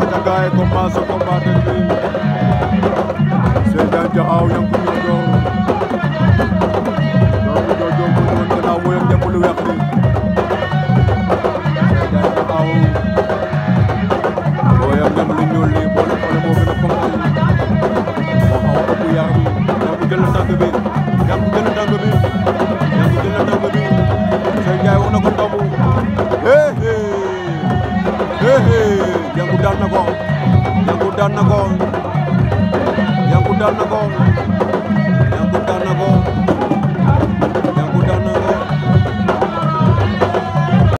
aca gaye commencé combat bi Cheikh Diakhao Yankou Diodio Yankou Diodio mo won gannaaw mooy ak ñëpp lu weex li Cheikh Diakhao mooy ak ñëpp lu ñuul li boole boole moo gën a combat yi moo xaw a ëpp yaram Yankou jël na tànk bi Yankou jël na tànk bi Yankou jël na tànk bi Cheikh Ndiaye wax na ko doom Yankou daan na ko Yankou daan na ko Yankou daan na ko